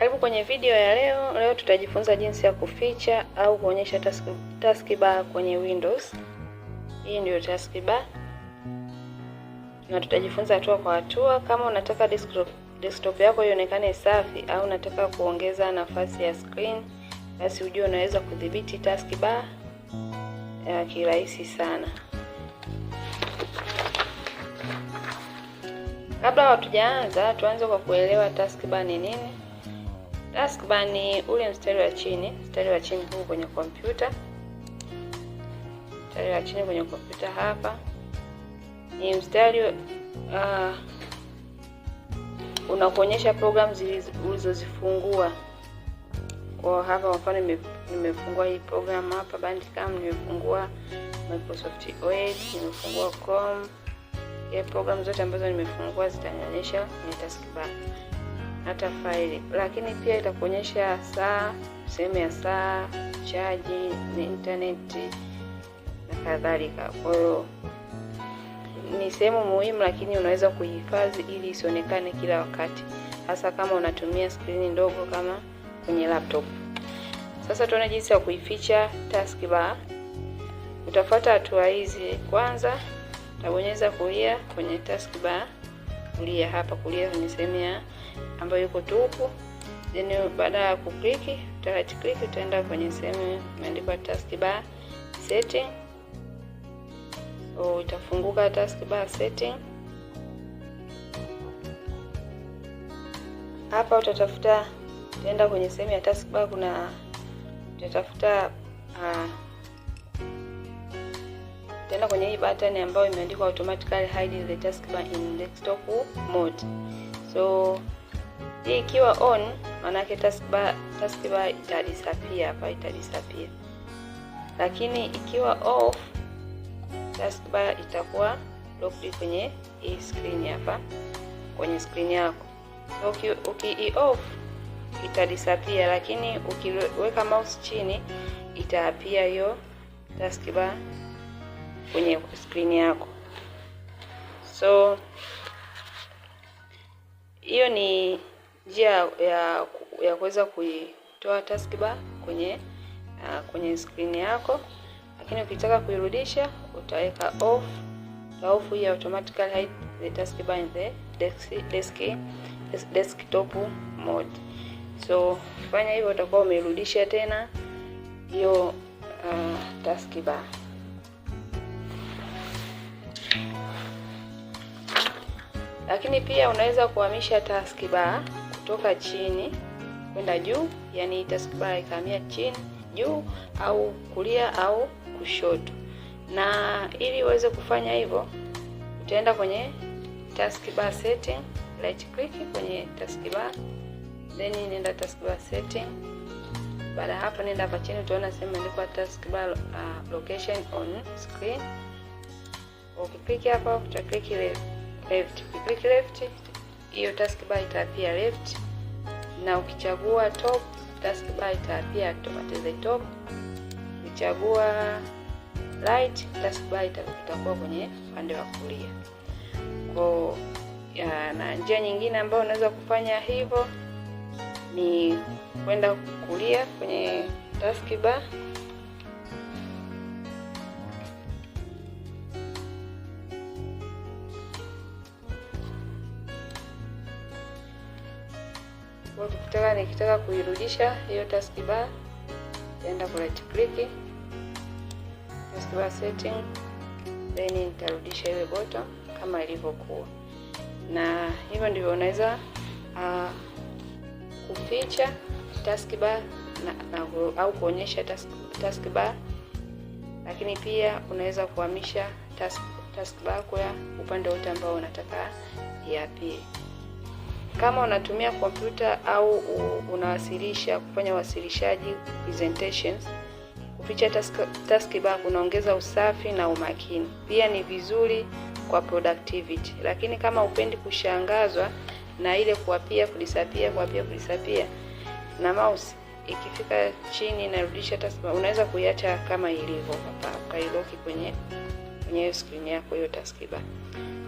Karibu kwenye video ya leo. Leo tutajifunza jinsi ya kuficha au kuonyesha task, task bar kwenye Windows. Hii ndio task bar na tutajifunza hatua kwa hatua. Kama unataka desktop, desktop yako ionekane safi au unataka kuongeza nafasi ya screen, basi ujue unaweza kudhibiti task bar ya kirahisi sana. Kabla hatujaanza, tuanze kwa kuelewa task bar ni nini bar ni ule mstari wa chini, mstari wa chini huu kwenye kompyuta, mstari wa chini kwenye kompyuta hapa ni mstari uh, unakuonyesha programu ulizozifungua. Kwa hapa kwa mfano nimefungua hii program hapa Bandicam, nimefungua Microsoft Office, nimefungua Chrome. Ya programu zote ambazo nimefungua zitanionyesha kwenye taskbar hata faili, lakini pia itakuonyesha saa, sehemu ya saa, chaji na intaneti na kadhalika. Kwa hiyo ni sehemu muhimu, lakini unaweza kuhifadhi ili isionekane kila wakati, hasa kama unatumia skrini ndogo kama kwenye laptop. Sasa tuone jinsi ya kuificha taskbar. Utafuata hatua hizi. Kwanza utabonyeza kulia kwenye taskbar, kulia hapa, kulia kwenye sehemu ya ambayo iko tu huku. Then baada ya kukliki, uta right click, utaenda kwenye sehemu imeandikwa taskbar setting. So itafunguka taskbar setting. Hapa utatafuta, utaenda kwenye sehemu ya taskbar, kuna utatafuta uh, ah, tena kwenye hii button ambayo imeandikwa automatically hide the taskbar in desktop mode so hii ikiwa on maanake taskbar taskbar itadisappear hapa, itadisappear. Lakini ikiwa off taskbar itakuwa locked kwenye hii screen hapa, kwenye screen yako. Uki, uki off itadisappear, lakini ukiweka mouse chini itaapia hiyo taskbar kwenye screen yako. So hiyo ni njia ya ya kuweza kuitoa taskbar kwenye uh, kwenye skrini yako, lakini ukitaka kuirudisha utaweka off off hii automatically hide the taskbar in the desk, desk, desk desktop mode. So fanya hivyo utakuwa umeirudisha tena hiyo uh, ah, taskbar. Lakini pia unaweza kuhamisha taskbar kutoka chini kwenda juu, yani taskbar ikahamia chini juu au kulia au kushoto. Na ili uweze kufanya hivyo, utaenda kwenye task bar setting, right click kwenye task bar, then nenda task bar setting. Baada ya hapo, nenda hapa chini, utaona sehemu imeandikwa task bar uh, location on screen. Ukiklik hapa, utaklik click left, ukiklik left hiyo taskbar itaapia left, na ukichagua top taskbar itaapia automatize top. Ukichagua right taskbar itakuwa kwenye upande wa kulia. Kwa na njia nyingine ambayo unaweza kufanya hivyo ni kwenda kulia kwenye taskbar kwa nikitaka nikitaka kuirudisha hiyo taskbar nitaenda kwa right click taskbar setting, then nitarudisha ile bottom kama ilivyokuwa, na hivyo ndivyo unaweza uh, kuficha taskbar na, na, au kuonyesha task, lakini pia unaweza kuhamisha task, taskbar kwa upande wote ambao unataka iapie. Kama unatumia kompyuta au unawasilisha, kufanya wasilishaji presentations, kuficha task, task bar kunaongeza usafi na umakini, pia ni vizuri kwa productivity. Lakini kama upendi kushangazwa na ile kuapia kulisapia kuapia kulisapia na mouse ikifika chini inarudisha task bar, unaweza kuiacha kama ilivyo hapa, ukailoki kwenye kwenye screen yako hiyo task bar.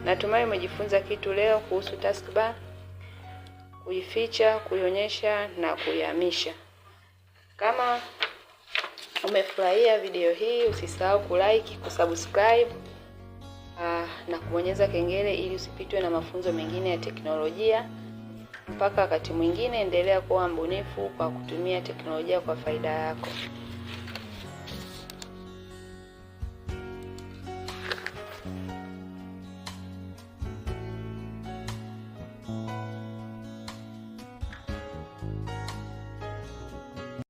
Natumai umejifunza kitu leo kuhusu taskbar kuificha, kuionyesha na kuihamisha. Kama umefurahia video hii, usisahau kulike, kusubscribe ah, na kubonyeza kengele ili usipitwe na mafunzo mengine ya teknolojia. Mpaka wakati mwingine, endelea kuwa mbunifu kwa kutumia teknolojia kwa faida yako.